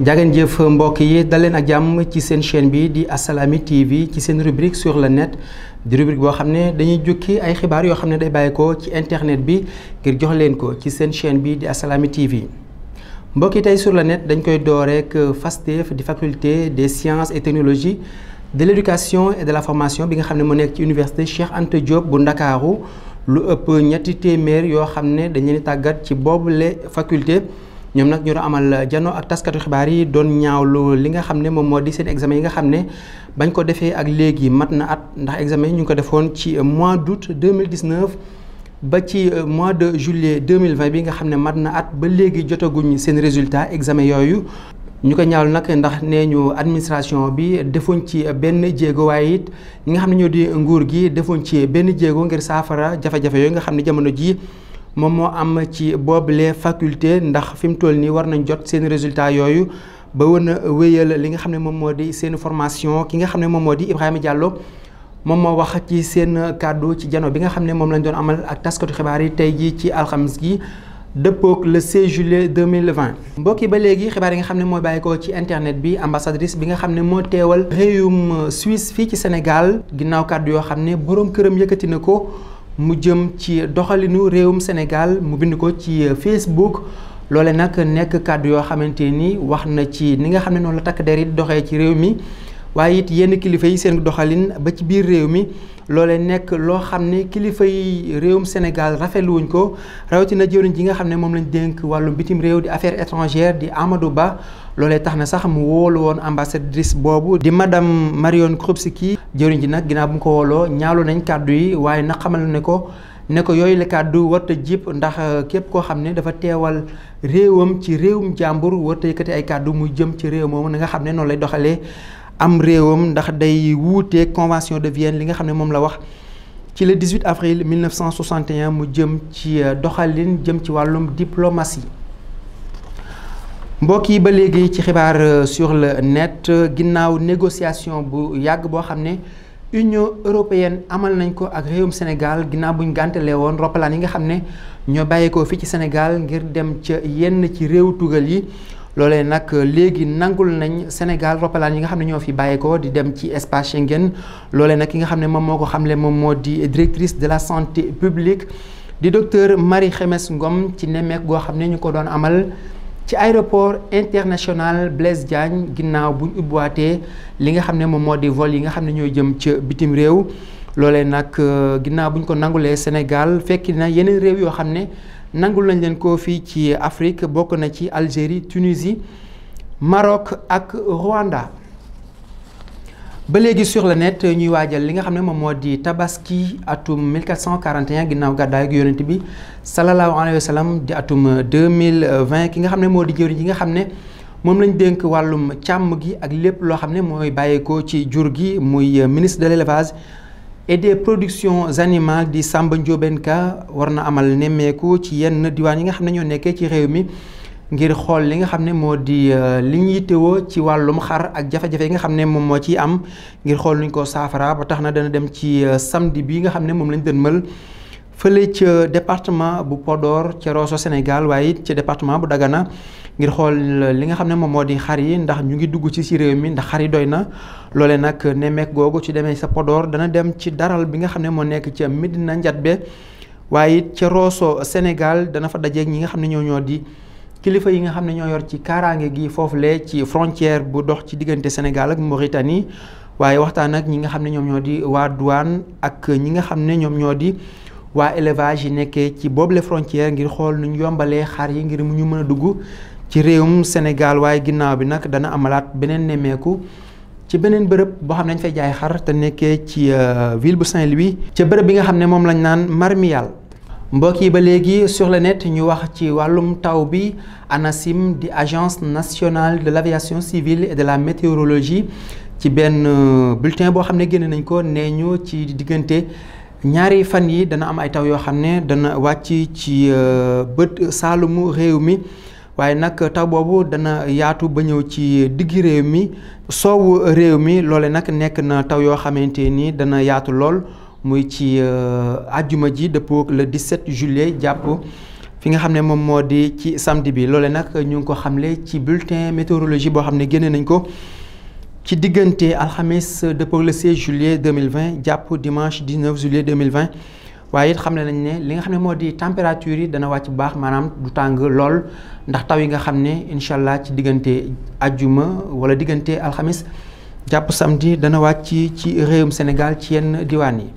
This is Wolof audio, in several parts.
jaageen jëf mbokk yi daleen ak jàmm ci seen chaîne bi di Assalaamy TV ci seen rubrique sur le net di rubrique boo xam ne dañuy jukki ay xibaar yoo xam ne day bàyyeekoo ci internet bi ngir jox leen ko ci seen chaîne bi di Assalaamy TV mbokk yi tey sur le net dañ koy door rek FASTEF di faculté des sciences et technologies de l'éducation et de la formation bi nga xam ne mu nekk ci université Cheikh Anta Diop bu Ndakaaru lu ëpp ñetti téeméer yoo xam ne dañu tàggat ci boobule faculté. ñoom nag ñu doon amal jano ak taskatu xibaar yi doon ñaawlu li nga xam ne moom moo di seen examen yi nga xam ne bañ ko defee ak léegi mat na at ndax examen yi ñu ngi ko defoon ci mois d'août 2019 ba ci mois de juillet 2020 bi nga xam ne mat na at ba léegi jotaguñ seen résultat examen yooyu ñu ko ñaawlu nag ndax nee ñu administration bi defuñ ci benn jéego waaye it ñi nga xam ne ñoo di nguur gi defuñ ci benn jéego ngir saafara jafe-jafe yooyu nga xam ne jamono jii moom moo am ci boobule faculté ndax fi mu toll nii war nañ jot seen résultat yooyu ba wan a wéyal li nga xam ne moom moo di seen formation ki nga xam ne moom moo di Ibrahima Diallo moom moo wax ci seen kàddu ci jano bi nga xam ne moom lañ doon amal ak taskatu xibaar yi tey jii ci alxames gi dëppook le 16 juillet 2020 mbokk yi ba léegi xibaar yi nga xam ne mooy bàyyi ko ci internet bi ambassadrice bi nga xam ne moo teewal réewum Suisse fii ci Sénégal ginnaaw kàddu yoo xam ne boroom këram yëkkati na ko mu jëm ci doxalinu réewum Sénégal mu bind ko ci euh, Facebook loole nag nekk kàddu yoo xamante ni wax na ci ni nga xam ne noonu la takk der yi doxee ci réew mi waaye it yenn kilifa yi seen doxalin ba ci biir réew mi loolee nekk loo xam ne kilifa yi réewum Sénégal rafetlu wuñ ko rawatina jëwriñ ji nga xam ne moom lañ dénk wàllum bitim réew di affaire étrangères di Amadou Ba loolee tax na sax mu woolu woon ambassadrice boobu di madame Marion Krupski jëwriñ ji nag ginnaaw bu mu ko wooloo ñaalu nañ kàddu yi waaye nag xamal ne ko ne ko yooyu la kàddu warta jip ndax euh, képp koo xam ne dafa teewal réewam ci réewum jàmbur warta yëkkati ay kàddu muy jëm ci réew moomu na nga xam ne noonu lay doxalee am réewam ndax day wuutee convention de Vienne li nga xam ne moom la wax ci le 18 avril 1961 mu jëm ci euh, doxalin jëm ci wàllum diplomatie mbokk yi ba léegi ci xibaar euh, sur le net ginnaaw négociation bu yàgg boo xam ne Union européenne amal nañ ko ak réewum Sénégal ginnaaw buñ gàntalee woon roppalaan yi nga xam ne ñoo bàyyeekoo fii ci Sénégal ngir dem ca yenn ci réew tugal yi loolee nag léegi nangul nañ Sénégal roppalaan yi nga xam ne ñoo fi bàyyeekoo di dem ci espace Schengen loolee nag ki nga xam ne moom moo ko ne moom moo di directrice de la santé publique di docteur Marie Xemes Ngom ci nemmeek goo xam ne ñu ko doon amal ci aéroport international Blaise Diagne ginnaaw bu ñu ubbiwaatee li nga xam ne moom moo di vol yi nga xam ne ñooy jëm ca bitim réew loolee nag ginnaaw bu ko nangulee Sénégal fekki na yeneen réew yoo xam ne. nangu nañ leen ko fii ci Afrique bokk na ci Algérie Tunisie Maroc ak Rwanda. ba léegi sur le net ñuy waajal li nga xam ne moom moo di tabaski atum 1441 ginnaaw gàddaay ak yonent bi salallaahu alayhi wa sallam di atum ki nga xam ne moo di jëwriñ yi nga xam ne moom lañ dénk wàllum càmm gi ak lépp loo xam ne mooy bàyyeekoo ci jur gi muy ministre de l' et production productions di Samba Ndiobène war na amal nemmeeku ci yenn diwaan yi nga xam ne ñoo nekkee ci réew mi ngir xool li nga xam ne moo di euh, li ñu yittewoo ci wàllum xar ak jafe yi nga xam ne moom moo ciy am ngir xool nuñ ko saafara ba tax na dana dem ci euh, samedi bi nga xam ne moom lañ mël fële ca département bu podoor ca Rosso Sénégal waaye it ca département bu Dagana ngir xool li nga xam ne moom moo di xar yi ndax ñu ngi dugg ci si réew mi ndax xar yi doy na loole nag nemmeek googu ci demee sa podoor dana dem ci daral bi nga xam ne moo nekk ca Medina Njatbe waaye it ca Rosso Sénégal dana fa dajeeg ñi nga xam ne ñoo ñoo di kilifa yi nga xam ne ñoo yor ci kaaraange gi foofulee ci frontière bu dox ci diggante Sénégal ak Mauritanie waaye waxtaan ak ñi nga xam ne ñoom ñoo di waa duwaan ak ñi nga xam ne ñoom ñoo di waa élevage yi nekkee ci boobule frontière ngir xool nu ñu yombalee xar yi ngir mu ñu mën a dugg ci réewum Sénégal waaye ginnaaw bi nag dana amalaat beneen nemmeeku ci beneen bërëb boo xam ne dañ fay jaay xar te nekkee ci euh, ville bu Saint-Louis ca bërëb bi nga xam ne moom lañ naan Marmiyal mbokk yi ba léegi sur le ñu wax ci wàllum taw bi ANACIM di agence nationale de l' civile de la météorologie ci benn euh, bulletin boo xam ne génne nañ ko nee ñu ci diggante ñaari fan yi dana am ay taw yoo xam ne dana wàcc ci euh, bët saalumu réew mi waaye nag taw boobu dana yaatu ba ñëw ci digg réew mi soowu réew mi loole nag nekk na taw yoo xamante nii dana yaatu lool muy ci euh, àjjuma ji dëppoo le 17 juillet jàpp fi nga xam ne moom moo di ci samedi bi loole nag ñu ngi ko xamle ci bulletin météorologie boo xam ne génne nañ ko ci diggante alxames dëppoo le 16 juillet 2020 jàpp dimanche 19 mille 2020 waaye it xam ne nañ ne li nga xam ne moo di température yi dana wàcc bu baax maanaam du tàng lool ndax taw yi nga xam ne incha allah ci diggante ajjuma wala diggante alxamis jàpp samedi dana wàcc ci réewum Sénégal ci yenn diwaan yi.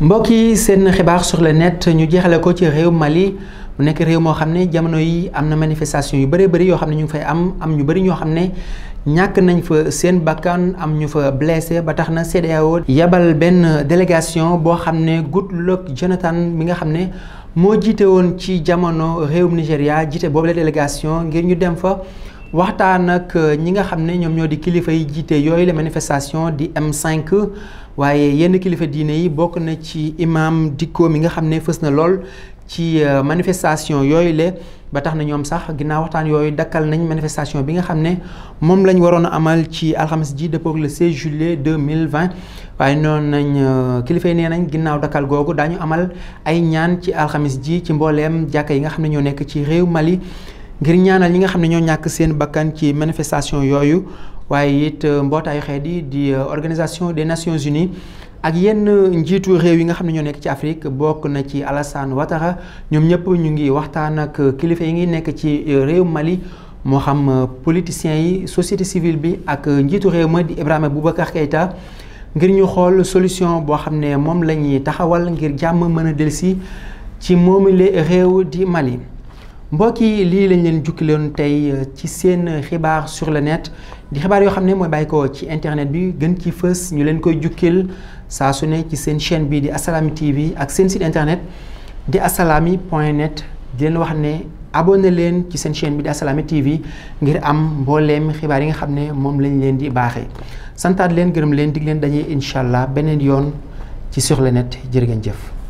mbokk yi seen xibaar sur le net ñu jeexale ko ci réew Mali mu nekk réew moo xam ne jamono yi am na manifestation yu bëree bari yoo xam ne ñu fay am am ñu bari ñoo xam ne ñàkk nañ fa seen bakkan am ñu fa blessé ba tax na CEDEAO yebal benn délégation boo xam ne Goodluck Jonathan mi nga xam ne moo jiite woon ci jamono réew Nigéria jiite boobu la délégation ngir ñu dem fa waxtaan ak ñi nga xam ne ñoom ñoo di kilifa yi jiite yooyu la manifestation di M5 waaye yenn kilifa diine yi bokk na ci imaam Dicko mi nga xam ne fës na lool ci euh, manifestation yooyu le ba tax na ñoom sax ginnaaw waxtaan yooyu dakkal nañ manifestation bi nga xam ne moom lañ waroon a amal ci alxames ji dëppoo ak le 16 juillet 2020 waaye noonu nañ euh, kilifa yi nee nañ ginnaaw dakkal googu daañu amal ay ñaan ci alxames ji ci mbooleem jàkk yi nga xam ne ñoo nekk ci réew Mali ngir ñaanal ñi nga xam ne ñoo ñàkk seen bakkan ci manifestation yooyu waaye it euh, mbootaayu xeet yi di organisation des Nations Unies ak yenn njiitu réew yi nga xam ne ñoo nekk ci Afrique bokk na ci Alassane watara ñoom ñëpp ñu ngi waxtaan ak kilifa yi ngi nekk ci réew Mali moo xam politiciens yi société civile bi ak njiitu réew ma di bu baka kayta ngir ñu xool solution boo xam ne moom lañuy taxawal ngir jàmm mën a delsi ci moomile réew di Mali mbokk yi lii lañ leen jukki tey ci seen xibaar sur le net di xibaar yoo xam ne mooy bàyyi ko ci internet bi gën ci fës ñu leen koy jukkil saa su ne ci seen chaîne bi di Assalaamy TV ak seen site internet di assalaamy point net di leen wax ne abonné leen ci seen chaîne bi di Assalaamy TV ngir am mbooleem xibaar yi nga xam ne moom lañ leen di baaxee santaat leen gërëm leen dig leen daje incha allah beneen yoon ci sur le jëf.